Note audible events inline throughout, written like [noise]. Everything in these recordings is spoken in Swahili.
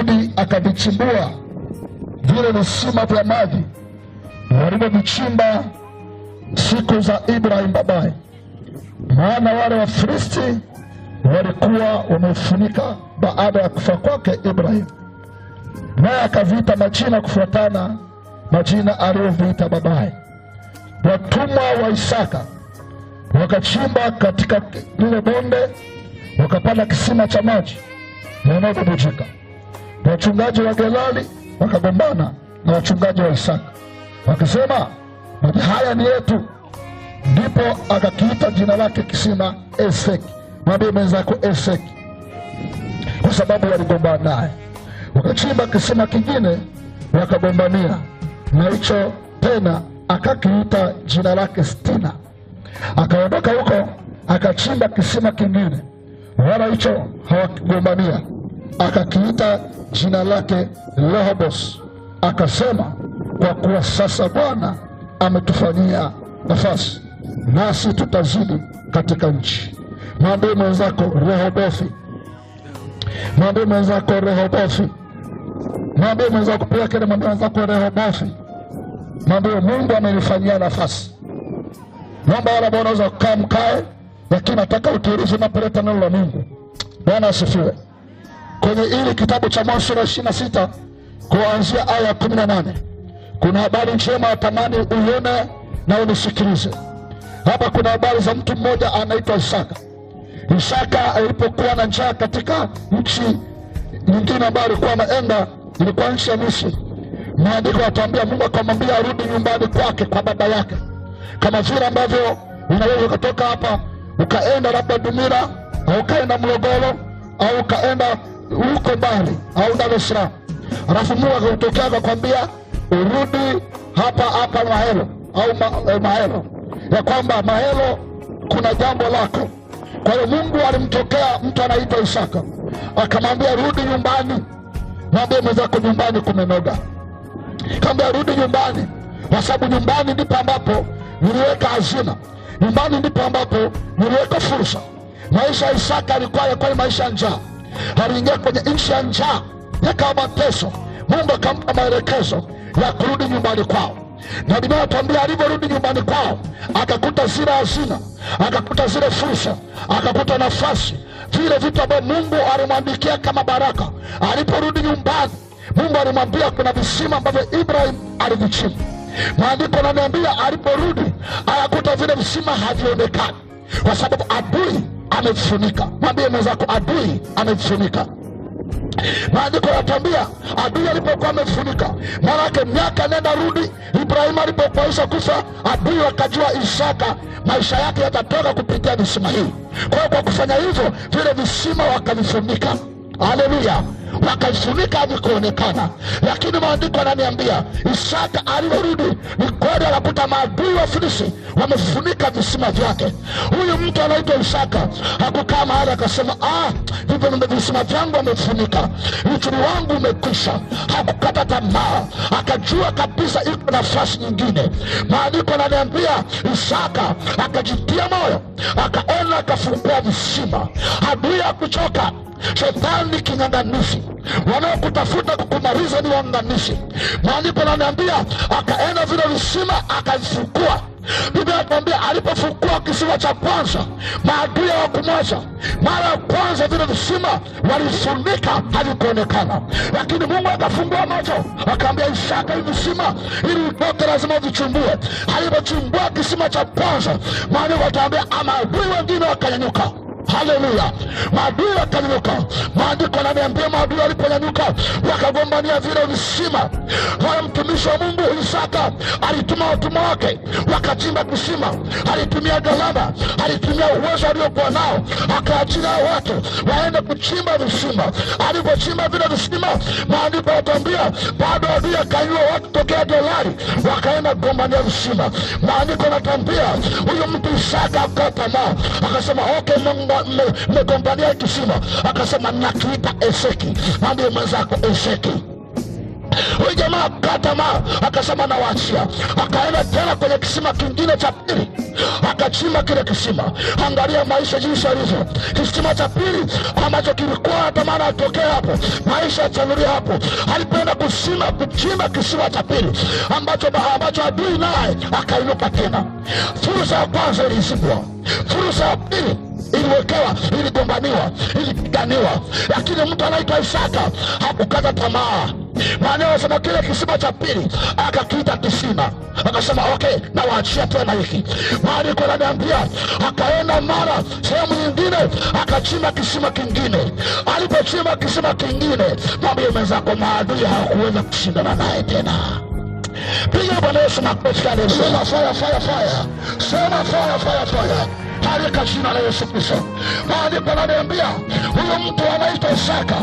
akarudi akavichimbua vile visima vya maji walivyovichimba siku za Ibrahim babaye, maana wale Wafilisti walikuwa wamefunika baada ya kufa kwake Ibrahim, naye akaviita majina kufuatana majina aliyoviita babaye. Watumwa wa Isaka wakachimba katika lile bonde, wakapanda kisima cha maji yanayobubujika wachungaji wa gelali wakagombana na wachungaji wa Isaka wakisema, maji haya ni yetu. Ndipo akakiita jina lake kisima Eseki. Mwambie mwenzako Eseki, kwa sababu waligombana naye. Wakachimba kisima kingine wakagombania na hicho tena, akakiita jina lake Stina. Akaondoka huko akachimba kisima kingine, wala hicho hawakigombania akakiita jina lake Rehobos, akasema kwa kuwa sasa Bwana ametufanyia nafasi, nasi tutazidi katika nchi. Mwambie mwenzako Rehobothi, mwambie mwenzako rehobofi mwambie mwenzako pia kile, mwambie mwenzako Rehobothi, mwambie Mungu amenifanyia nafasi. Naomba wala ambao unaweza kukaa mkae, lakini nataka utirizi napoleta neno la Mungu. Bwana asifiwe kwenye hili kitabu cha Mwanzo sura ishirini na sita kuanzia aya ya kumi na nane kuna habari njema, tamani uione na unisikilize. Hapa kuna habari za mtu mmoja anaitwa Isaka. Isaka alipokuwa na njaa katika nchi nyingine ambayo alikuwa anaenda, ilikuwa nchi ya Misri, maandiko yatuambia Mungu akamwambia arudi nyumbani kwake kwa baba yake, kama vile ambavyo unaweza ukatoka hapa ukaenda labda dumira au ukaenda Morogoro au ukaenda huko mbali au Dar es alafu Mungu akakutokea akakwambia urudi hapa hapa Mahelo au ma, eh, Mahelo ya kwamba Mahelo kuna jambo lako. Kwa hiyo Mungu alimtokea mtu anaitwa Isaka akamwambia rudi nyumbani, mwambie mwenzako nyumbani kumenoga. Kaambia rudi nyumbani, kwa sababu nyumbani ndipo ambapo niliweka hazina, nyumbani ndipo ambapo niliweka fursa. Maisha ya Isaka alikuwa yakwani maisha ya njaa aliingia kwenye nchi ya njaa, ikawa mateso. Mungu akampa maelekezo ya kurudi nyumbani kwao, na Biblia alivyorudi nyumbani kwao akakuta zile hazina, akakuta zile fursa, akakuta nafasi, vile vitu ambavyo Mungu alimwandikia kama baraka. Aliporudi nyumbani, Mungu alimwambia kuna visima ambavyo Ibrahim alivichimba. Maandiko naniambia aliporudi akakuta vile visima havionekani kwa sababu adui amejifunika. Mwambie mwenzako, adui amejifunika. Maandiko yatambia adui alipokuwa amefunika, maanake miaka nenda rudi, Ibrahimu alipokwaisha kufa, adui wakajua Isaka maisha yake yatatoka kupitia visima hii. Kwa hiyo kwa kufanya hivyo, vile visima wakavifunika. Haleluya! wakaifunika hadi kuonekana. Lakini maandiko ananiambia Isaka alivyorudi ni kweli, anakuta maadui wa Filisti wamefunika visima vyake. Huyu mtu anaitwa Isaka hakukaa mahali akasema, ah, hivyo visima vyangu wamefunika, uchumi wangu umekwisha. Hakukata tamaa, akajua kabisa iko nafasi nyingine. Maandiko ananiambia Isaka akajitia moyo, akaona, akafungua visima, adui akuchoka shetani king'ang'anizi wanaokutafuta kukumaliza ni waunganishi. Maandiko naniambia akaenda vile visima akavifukua. Biblia atuambia alipofukua kisima cha kwanza, maadui hawakumwacha. Mara ya kwanza vile visima walifunika, havikuonekana, lakini Mungu akafungua macho, akaambia Isaka, hivi visima ili utoke lazima vichumbue Alipochumbua kisima cha kwanza, maandiko ataambia maadui wengine wakanyanyuka Haleluya! Maadui wakanyanyuka, maandiko ananiambia maadui waliponyanyuka wakagombania vile visima. Haya, mtumishi wa Mungu Isaka alituma watumwa wake wakachimba kisima alitumia gharama, alitumia uwezo aliokuwa nao, akaachira watu waende kuchimba visima. Alivyochimba vile visima, maandiko yatambia, bado adui akanyua watu tokea dolari waka amegombania visima. Maandiko anatuambia huyu mtu Isaka akatamaa, akasema okay, mmegombania kisima, akasema nakiita Eseki. Mwambie mwenzako Eseki Huyu jamaa akatamaa, akasema na akaenda tena kwenye kisima kingine cha pili, akachimba kile kisima. Angalia maisha jinsi yalivyo. Kisima cha pili ambacho kilikuwa natamana atokee hapo, maisha yachanulia hapo. Alipoenda kusima kuchimba kisima cha pili ambacho ambacho adui naye akainuka tena. Fursa ya kwanza ilizibwa, fursa ya pili iliwekewa, iligombaniwa, ilipiganiwa, lakini mtu anaitwa Isaka hakukata tamaa. Maana anasema kile kisima cha pili akakiita kisima, akasema okay, nawaachia tena hiki. Maandiko ananiambia akaenda mara sehemu nyingine, akachimba kisima kingine. Alipochimba kisima kingine, mwambie mwenzako, maadui hawakuweza kushindana naye tena. Piga Bwana Yesu makofi! Sema Sema fire, katika jina la Yesu Kristo. Maandiko ananiambia huyu mtu anaitwa Isaka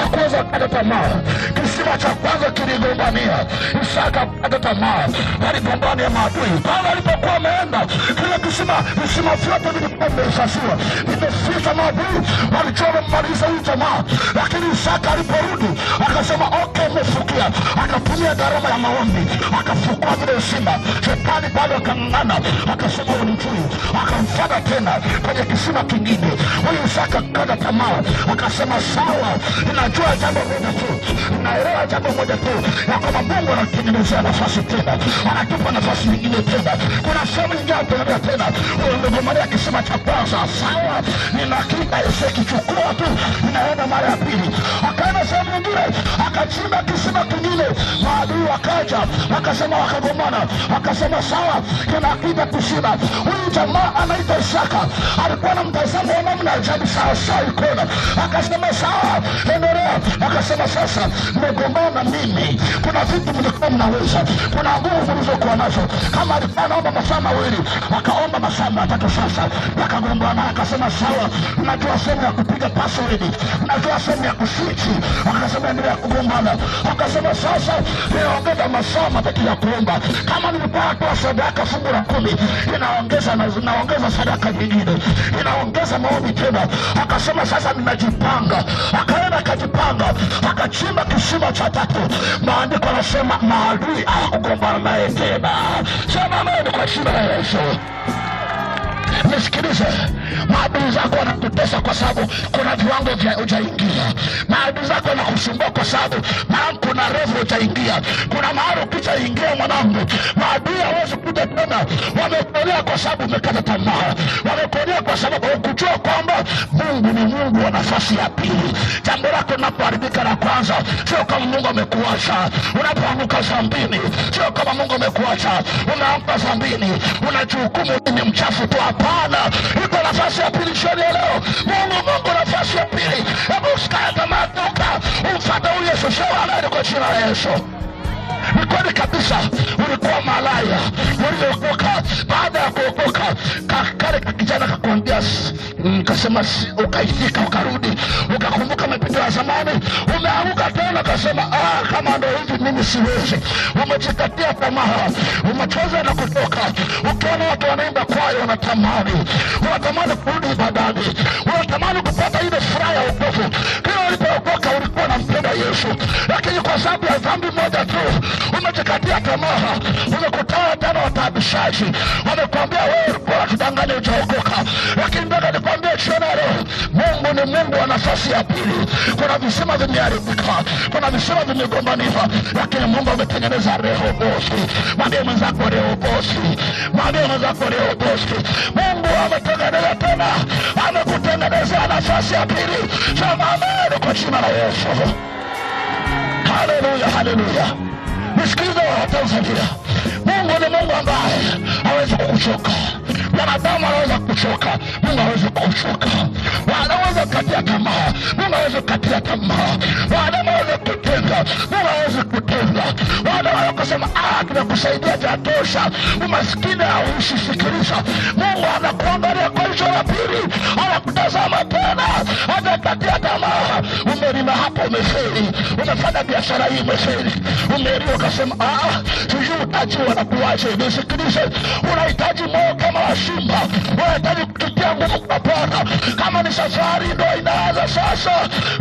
hakuweza kukata tamaa. Kisima cha kwanza kiligombania Isaka kukata tamaa, aligombania maadui pale alipokuwa ameenda kile kisima. Visima vyote vilikuwa vimesasiwa, vimeficha maadui walichoma mmaliza huyu jamaa, lakini Isaka aliporudi akasema okay, mefukia Akatumia gharama ya maombi, akafukua vile visima. Shetani bado akang'ana, akasema unijui, akamfuata tena kwenye kisima kingine. Huyu Isaka akakata tamaa, akasema sawa, ninajua jambo moja tu, ninaelewa jambo moja tu, ya kwamba Mungu anatengenezea nafasi tena, anatupa nafasi nyingine tena. Kuna sehemu nyingine anatuambia tena, umegomalia kisima cha kwanza, sawa, ninakiba ise kichukua tu, ninaenda mara ya pili. Akaenda sehemu nyingine, akachimba kisima kingine, maadui wakaja, wakasema, wakagomana, wakasema sawa, kinakiba hakika kusima. Huyu jamaa anaita Isaka alikuwa na mtazamo wa namna ajabu, Saa saa ikona. Akasema saa endelea. Akasema sasa, mmegombana mimi, kuna vitu mlikuwa mnaweza, kuna nguvu mlizokuwa nazo. Kama alikuwa anaomba masaa mawili, akaomba masaa matatu, sasa akagombana. Akasema sawa, mnajua sehemu ya kupiga pasoredi, mnajua sehemu ya kuswichi. Akasema endelea kugombana. Akasema sasa, niongeza masaa matatu ya kuomba. Kama nilikuwa natoa sadaka fungu la kumi, inaongeza naongeza sadaka miaka mingine Inaongeza maombi tena, akasema sasa ninajipanga. Akaenda akajipanga, akachimba kisima cha tatu. Maandiko anasema maadui akugombana naye tena. Sema kwa jina ya Yesu nisikilize, maadui zako wanakutesa kwa sababu kuna viwango vya hujaingia. Maadui zako wanakusumbua kwa sababu maana kuna revu ujaingia kuna mahali ukishaingia mwanangu, maadui hawezi kuja tena. wamekolea kwa sababu umekata tamaa, wamekolea kwa sababu hukujua kumwamini Mungu wa nafasi ya pili. Jambo lako linapoharibika la kwanza, sio kama Mungu amekuacha. Unapoanguka zambini, sio kama Mungu amekuacha. Unaamka zambini, unajihukumu ni mchafu tu. Hapana, iko nafasi ya pili jioni ya leo. Mungu, Mungu, nafasi ya pili. Hebu usikate tamaa, toka huyu Yesu, sio kwa jina la Yesu. Ni kweli kabisa, ulikuwa malaya, uliokoka. Baada ya kuokoka, kale kijana kakuambia, kasema, ukaitika, ukarudi, ukakumbuka mapito ya zamani, umeanguka tena, kasema ah, kama ndo hivi mimi siwezi. Umejikatia tamaa, umechoza na kutoka. Ukiona watu wanaimba kwayo, unatamani unatamani kurudi ibadani, unatamani kupata ile furaha ya ukovu. Yesu, lakini kwa sababu ya dhambi moja tu umejikatia tamaa, umekutana tena wataabishaji, wamekuambia wewe ulikuwa kidanganya ujaokoka. Lakini mpaka nikwambie jioni leo, Mungu ni Mungu wa nafasi ya pili. Kuna visima vimeharibika, kuna visima vimegombaniwa, lakini Mungu ametengeneza Rehobothi. Mwambie mwenzako Rehobothi, mwambie mwenzako Rehobothi, Mungu ametengeneza tena, amekutengenezea nafasi ya pili. Sema ameni kwa jina la Yesu. Haleluya, haleluya. Msikilize hata Mungu ni Mungu ambaye hawezi kuchoka. Wanadamu wanaweza kuchoka, Mungu hawezi kuchoka. Wanaweza kukatia tamaa, Mungu hawezi kukatia tamaa. Wanadamu wanaweza kutenga, Mungu hawezi kutenga. Wanadamu wanaweza kusema ah, tunakusaidia jatosha, umaskini hausifikirisha. Mungu anakuangalia kwa jicho la pili, anakutazama tena, hajakatia tamaa umelima hapa umefeli, umefanya biashara hii umefeli, umeiba ukasema ah, ah, sijui utaji wanakuwaje. Nisikilize, unahitaji moyo kama wa simba, unahitaji kutupia nguvu kupona. Kama ni safari ndo inaanza sasa,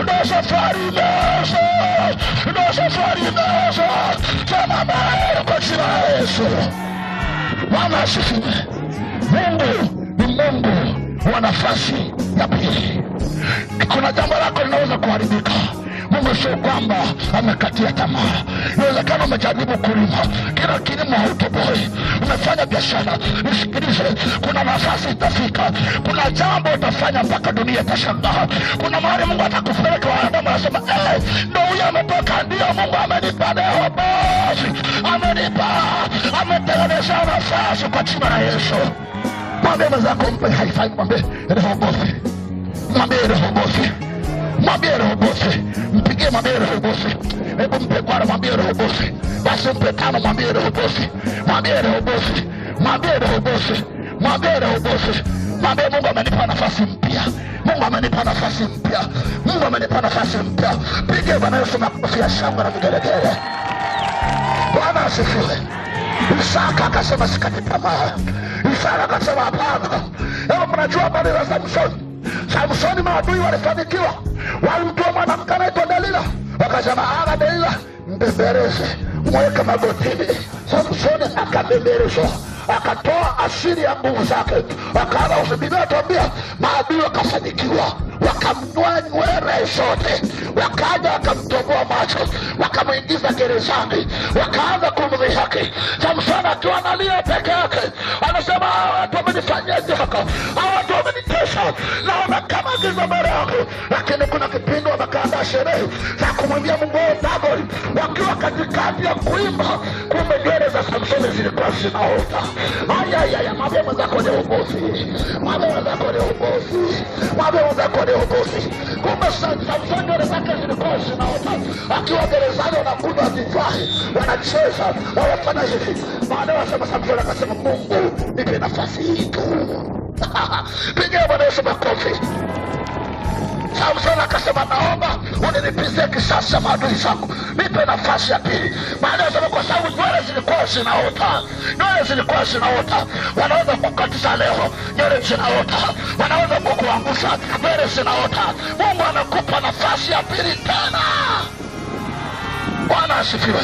ndo safari imeanza, ndo safari imeanza. Sema maana kwa jina la Yesu. Bwana asifiwe. Mungu ni Mungu wa nafasi ya pili. Kuna jambo lako linaweza kuharibika. Mungu sio kwamba amekatia tamaa. Inawezekana umejaribu kulima, kila kilimo hautoboi, umefanya biashara. Nisikilize, kuna nafasi itafika, kuna jambo utafanya mpaka dunia itashangaa. Kuna mahali Mungu atakupeleka, wanadamu anasema eh, ndo huyo ametoka. Ndio Mungu amenipa leo, basi amenipa, ametengeneza nafasi kwa jina la Yesu. Podemos e faz uma vez. Ele roubou você. Uma vez ele roubou você. Uma vez ele Um madeira roubou você. Vamos pegar uma madeira roubou você. Passou um pecado, uma madeira roubou você. Madeira roubou você. Madeira roubou você. Madeira roubou você. Madeira, Mungu amenipa nafasi mpya. Mungu amenipa nafasi mpya. Mungu amenipa nafasi mpya. Piga Bwana Yesu makofi ya shangwe na vigelegele. Bwana asifiwe. Isaka akasema sikati tamaa. Mishara akasema hapana. Leo mnajua habari za Samsoni? Samsoni maadui walifanikiwa, walimtoa mwanamke anaitwa Dalila, wakasema ana Dalila mbebereze mweke magotini. Samsoni akabebereshwa akatoa asili ya nguvu zake, akaanza kusubiria. Tuambia, maadui wakafanikiwa, wakamnyoa nywele zote, wakaja wakamtoboa macho, wakamwingiza gerezani, wakaanza kumdhihaki Samsoni akiwa analia peke yake yako, hawatu wamenitisha na wamekama giza mbele yako, lakini kuna kipindi wamekaandaa sherehe za kumwambia Mungu wao oh, Dagoni, wakiwa katikati ya kuimba, kumbe nywele za Samsoni zilikuwa zinaota. Ayayaya, mwambie mwenzako ni ubosi, mwambie mwenzako ni ubosi, mwambie mwenzako ni ubosi. Kumbe Samsoni nywele zake zilikuwa zinaota, akiwa gerezani wanakunywa divai, wanacheza, wanafanya hivi. Baadaye wasema Samsoni akasema, Mungu nipe nafasi hii tu. [laughs] pigia Bwana Yesu makofi. Samsoni akasema, naomba unilipizie kisasi cha maadui zangu, nipe nafasi ya pili. Maana asema, kwa sababu nywele zilikuwa zinaota, nywele zilikuwa zinaota. Wanaweza kukatiza leo, nywele zinaota. Wanaweza kukuangusha, nywele zinaota. Mungu anakupa nafasi ya pili tena. Bwana asifiwe.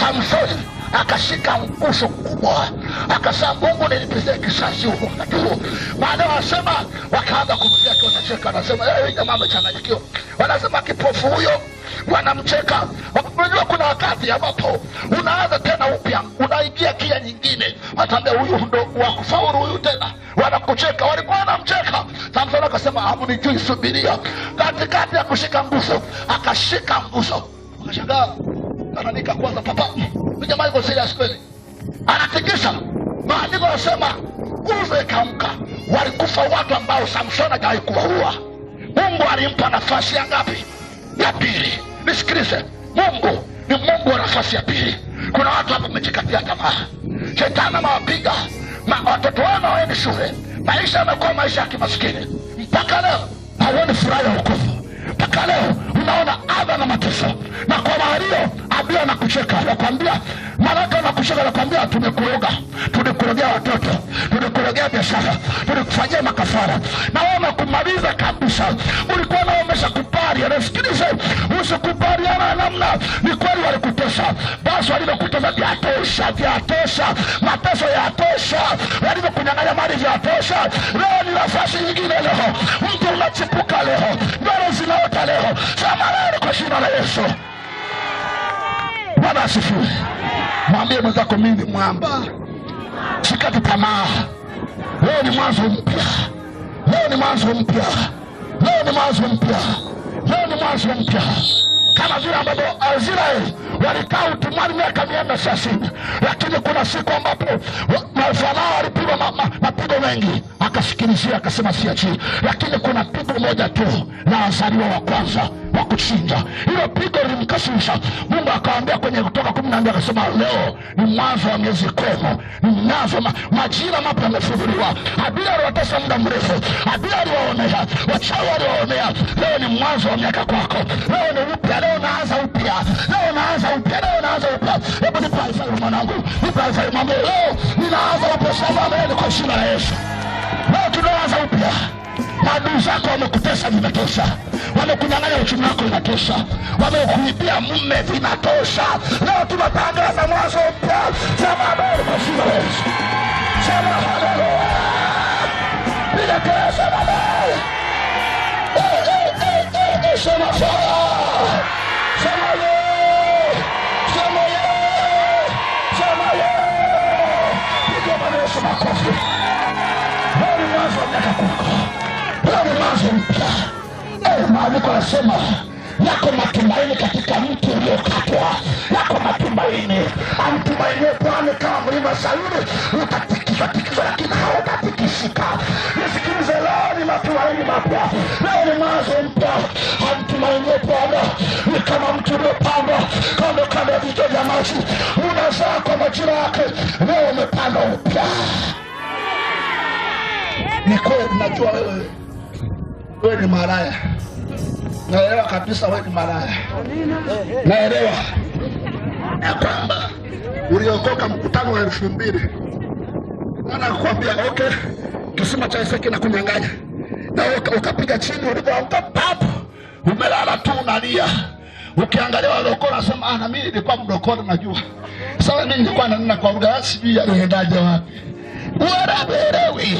Samsoni akashika nguzo kubwa, akasema Mungu nilipizie kisasi huu wakati huo. Maana wanasema wakaanza akiwa wanacheka, anasema yeye eh, jamaa amechanganyikiwa, wanasema kipofu huyo, wanamcheka. Unajua kuna wakati ambapo unaanza tena upya, unaingia kia nyingine, watambia huyu ndo wakufauru huyu tena, wanakucheka, walikuwa wanamcheka. Samsoni akasema hamnijui, subiria. Katikati ya kushika nguzo, akashika nguzo, akashangaa ananika kwanza papa jamaa iko serious kweli anatikisa maandiko yanasema nguzo ikaamka walikufa watu ambao samson hajawahi kuwaua mungu alimpa nafasi ya ngapi ya pili nisikilize mungu ni mungu wa nafasi ya pili kuna watu hapa mejikatia tamaa shetani amewapiga Ma, watoto wao hawaendi shule maisha yamekuwa maisha ya kimaskini mpaka leo hauoni furaha ya ukovu mpaka leo mnaona adha na mateso, na kwa walio abia anakucheka anakwambia, malaika anakucheka anakwambia, tumekuroga, tulikuregea watoto, tulikuregea biashara, tulikufanyia makafara, na wewe unakumaliza kabisa. Ulikuwa nao kupari Sikiliza, usikubaliana namna, ni kweli walikutesa, basi walivyokutesa vyatosha, vyatosha, mateso yatosha, walivyokunyang'anya mali vyatosha. Leo ni nafasi nyingine, leho mtu unachipuka, leho ndoto zinaota leo za maneno kwa jina la Yesu. Bwana asifiwe. Mwambie mwenzako, mimi ni mwamba, sikati tamaa. Leo ni mwanzo mpya, leo ni mwanzo mpya, leo ni mwanzo mpya, leo ni mwanzo mpya kama vile ambavyo Israeli walikaa utumwani miaka mia nne thelathini, lakini kuna siku ambapo Farao alipigwa mapigo mengi akasikilizia akasema siachii, lakini kuna pigo moja tu la wazaliwa wa kwanza wa kuchinja. Hilo pigo lilimkasirisha. Mungu akaambia kwenye Kutoka kumi na nne akasema, leo ni mwanzo wa miezi koma, ni mwanzo majira mapya yamefunuliwa. Abia aliwatesa muda mrefu, Abia aliwaonea, wachawi aliwaonea. Leo ni mwanzo wa miaka kwako, leo ni upya, leo naanza upya, leo naanza upya, leo naanza upya. Hebu nipe alfajiri mwanangu, nipe alfajiri mwambie, leo ninaanza upya. Sasa kwa jina la Yesu, leo tunaanza upya. Maadui zako wamekutesa, vinatosha. Wamekunyang'anya uchumi wako, vinatosha. Wamekuibia mume, vinatosha. Leo tunatangaza mwanzo mpya. Sema habari kwa jina la Yesu, sema haleluya, piga kelele, sema habari, sema fara, wewe mwanzo mpya. Eh, maandiko yanasema yako matumaini katika mtu uliokatwa, yako matumaini. Amtumainie Bwana kama mlima Sayuni utatikiswa tikiswa, lakini hautatikisika. Nisikilize, leo ni matumaini mapya, leo ni mwanzo mpya. Amtumainie Bwana ni kama mtu uliopandwa kando kando ya vijito vya maji, unazaa kwa majira yake. Leo umepandwa upya. Ni kweli, najua wewe wewe ni malaya. Naelewa kabisa, wewe ni malaya. Naelewa ya kwamba uliokoka mkutano wa elfu mbili maana kukwambia okay, kisima cha Isaki na kunyang'anya na ukapiga chini, ulipoamka papo umelala tu unalia ukiangalia waloko nasema ana ah, mimi nilikuwa mdokoni najua sawa mimi nilikuwa nanena kwa lugha sijui yaliendaje wapi wala uelewi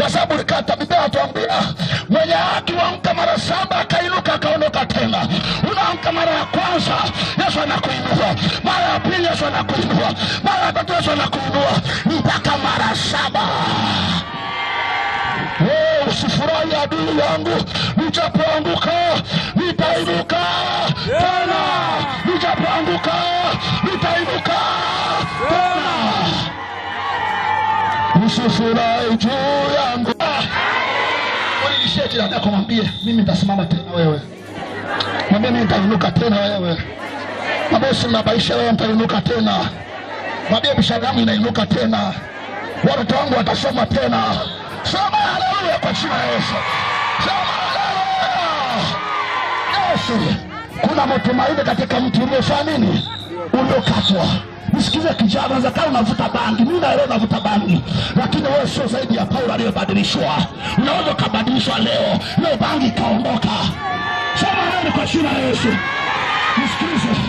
kwa sababu likata bidhaa atuambia mwenye haki wamka mara saba akainuka akaondoka tena. Unaamka mara ya kwanza, Yesu anakuinua, mara ya pili, Yesu anakuinua, mara ya tatu, Yesu anakuinua mpaka mara saba. usifurahi adui yangu nichapoanguka nitainuka tena, nichapoanguka nitainuka tena, usifurahi juu Mshie jirani yako, mimi nitasimama tena wewe, mwambie mimi nitainuka tena wewe, mwambie baisha wewe, nitainuka tena, mwambie Bisharamu inainuka tena, watoto wangu watasoma tena. Sema haleluya kwa jina la Yesu, sema haleluya. Yesu, kuna matumaini katika mtu uliofanya nini, uliokatwa Msikize kijana, unaweza kaa unavuta bangi, mi naelewa unavuta bangi, lakini wewe sio zaidi ya Paulo aliyobadilishwa. Unaweza ukabadilishwa leo, leo bangi ikaondoka. Sema nani kwa jina la Yesu. Msikilize,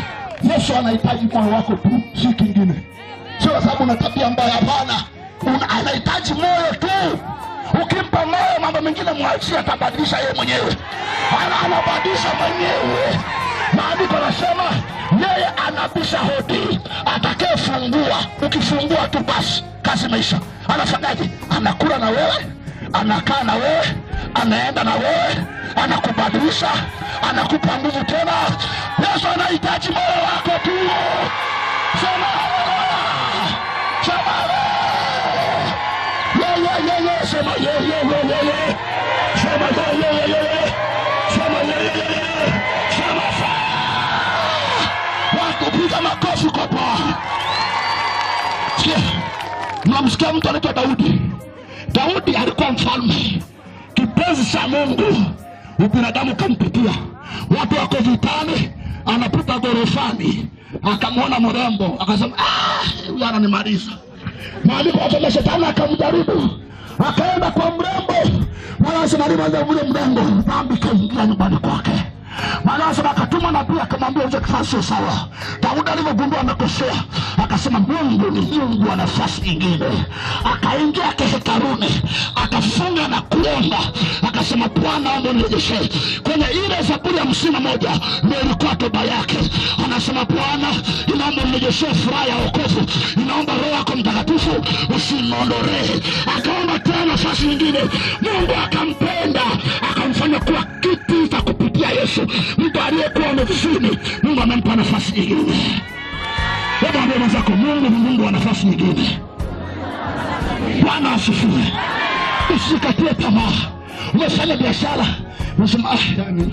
Yesu anahitaji moyo wako tu, si kingine, sio kwa sababu una tabia mbaya. Hapana, anahitaji moyo tu. Ukimpa moyo, mambo mengine mwachie, atabadilisha yeye mwenyewe, anabadilisha mwenyewe. Maandiko anasema yeye anabisha hodi, atakayefungua. Ukifungua tu basi kazi imeisha. Anafanyaje? Anakula na wewe, anakaa na wewe, anaenda na wewe, anakubadilisha, anakupa nguvu tena. Yesu anahitaji moyo wako tu. Sema sema yeye, sema yeye, yeye Mnasikia, mnamsikia mtu anaitwa Daudi. Daudi alikuwa mfalme, kipenzi cha Mungu, ubinadamu kampitia, watu wako vitani, anapita gorofani, akamwona mrembo, akasema ah, huyu ananimaliza. Maandiko yanasema shetani akamjaribu, akaenda kwa mrembo, wala asinalimaza mle mrembo, dhambi kaingia nyumbani kwake. Manaseba akatuma nabii akamwambia uje nafasi sio sawa. Daudi alivyogundua amekosea, akasema Mungu ni Mungu wa nafasi nyingine. Akaingia kehekaruni, akafunga na kuomba, akasema Bwana, omba nirejeshe. Kwenye ile Zaburi ya hamsini na moja ndio ilikuwa toba yake. Anasema Bwana, inaomba nirejeshe furaha ya wokovu, inaomba Roho yako Mtakatifu usiniondolee. Akaomba tena nafasi nyingine, Mungu akampenda akamfanya kuwa ya Yesu, mtu aliyekuwa amefuni, Mungu amempa nafasi nyingine. Hebu ambie mwenzako, Mungu ni Mungu wa nafasi nyingine. Bwana asifiwe. Usikatie tamaa. Umefanya biashara nasema ah, yani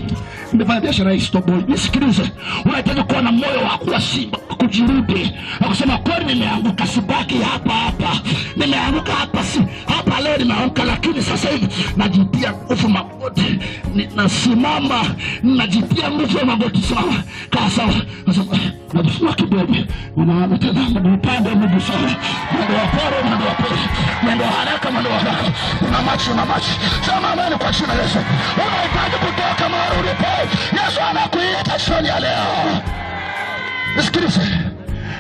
nimefanya biashara hii stoboi. Nisikilize, unahitaji kuwa na moyo wa kuwasimba kujirudi na kusema kweli, nimeanguka, sibaki hapa hapa, nimeanguka hapa, si hapa leo nimeanguka, lakini sasa hivi najitia nguvu magoti, nasimama, najitia nguvu ya magoti, simama, kaa sawa, nasema najifunua kidogo, ninaona tena mwendo upande, mwendo sawa, mwendo wa pole, mwendo wa pole, mwendo haraka, mwendo haraka, una machi, una machi, sema ameni kwa jina Yesu, unaita unahitaji kutoka mahali ulipo. Yesu anakuita jioni ya leo. Nisikilize,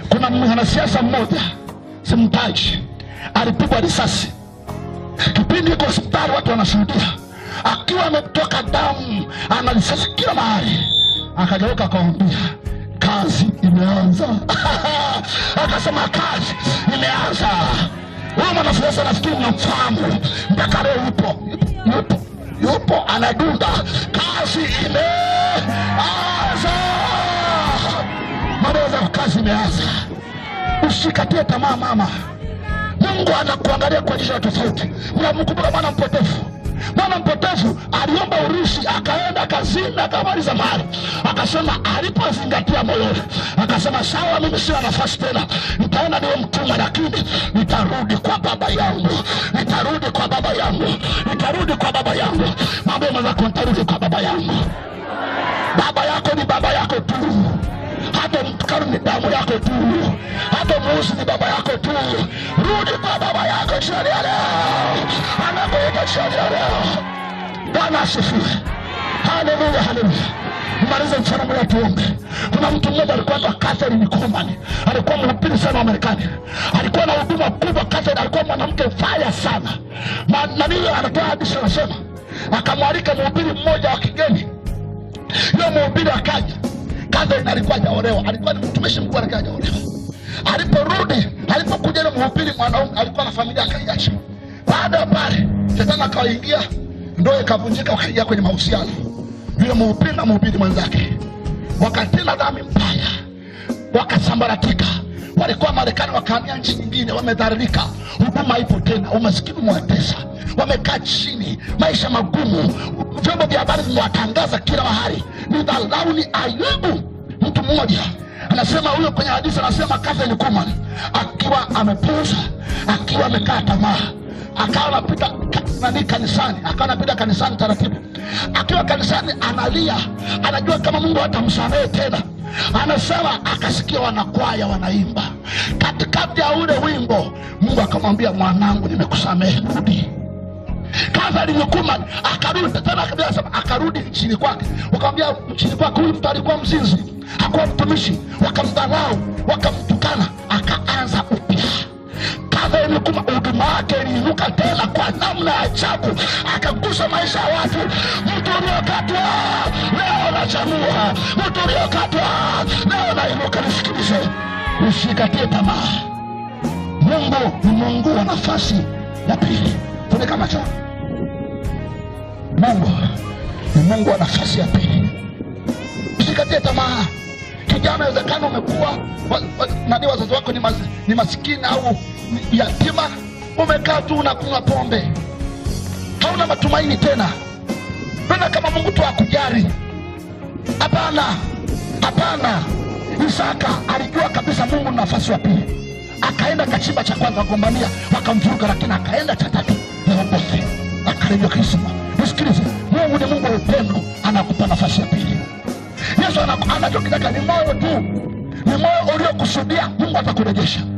kuna mwanasiasa mmoja simtaji, alipigwa risasi kipindi iko hospitali, watu wanashuhudia, akiwa ametoka damu, ana risasi kila mahali. Akageuka akamwambia kazi imeanza. [laughs] Akasema kazi imeanza. Huyu mwanasiasa nafikiri mnamfahamu, mpaka leo yupo yupo yupo anadunda, kazi ime Mama kazi imeanza, usikatie tamaa mama. Mungu anakuangalia kwa jicho la tofauti. Mnamkumbuka mwana mpotefu Mwana mpotevu aliomba urishi, akaenda kazini, akamaliza mali, akasema alipozingatia moyoni, akasema sawa, mimi sina nafasi tena, nitaenda niwe mtumwa, lakini nitarudi kwa baba yangu, nitarudi kwa baba yangu, nitarudi kwa baba yangu. Mambo mazako, nitarudi kwa baba yangu. Baba yako ni baba yako tu hapo mkaru ni damu yako tu, hapo muuzi ni baba yako tu. Rudi kwa baba yako jioni ya leo, anakuita jioni ya leo. Bwana asifiwe. Haleluya, haleluya maliza mfano moja tuombe. Kuna mtu mmoja alikuwa anaitwa Catherine Coleman, alikuwa mwanapili sana wa Marekani, alikuwa na huduma kubwa. Catherine alikuwa mwanamke faya sana Ma, nani anatoa hadithi anasema, akamwalika mhubiri mmoja wa kigeni, yule mhubiri akaja Catherine alikuwa hajaolewa, alikuwa ni mtumishi mkuu, alikuwa hajaolewa. Aliporudi, alipokuja ile mhubiri mwanaume alikuwa na familia akaiacha. Baada ya pale, shetani akawaingia, ndoa ikavunjika, wakaingia kwenye mahusiano, yule mhubiri na mhubiri mwenzake, wakatenda dhambi mbaya, wakasambaratika walikuwa Marekani wakaamia nchi nyingine, wamedharirika, huduma ipo tena, umasikini mwatesa, wamekaa chini, maisha magumu, vyombo vya habari vimewatangaza kila wahari. Ni dharau, ni aibu. Mtu mmoja anasema, huyo kwenye hadithi anasema, Catherine Kuhlman akiwa amepoza, akiwa amekaa tamaa, akawa anapita nani kanisani, akawa anapita kanisani taratibu, akiwa kanisani analia, anajua kama Mungu hatamsamehe tena anasema akasikia wanakwaya wanaimba katikati ya ule wimbo mungu akamwambia mwanangu nimekusamehe rudi kaza limekuma akarudi tena akasema akarudi nchini kwake wakamwambia nchini kwake huyu mtu alikuwa mzinzi hakuwa mtumishi wakamdharau wakamtukana akaanza ilikuwa huduma yake iliinuka tena kwa namna ya ajabu, akagusa maisha ya watu. Mtu uliokatwa leo nachanua, mtu uliokatwa leo nainuka. Nisikilize, usikatie tamaa. Mungu ni Mungu wa nafasi ya pili. Funika macho. Mungu ni Mungu wa nafasi ya pili. Usikatie tamaa. Kijana, inawezekana umekuwa nani, wazazi wako ni, mas, ni masikini au yatima, umekaa tu unakunywa pombe, hauna matumaini tena. Mbona kama Mungu tu akujari? Hapana, hapana. Isaka alijua kabisa Mungu na nafasi ya pili, akaenda kachimba cha kwanza, wagombania wakamvuruga, lakini akaenda cha tatu aongozi, akarejwa kisima. Nisikilize, Mungu ni Mungu wa upendo, anakupa nafasi ya pili. Yesu anachokitaka ni moyo tu, ni moyo uliokusudia. Mungu atakurejesha.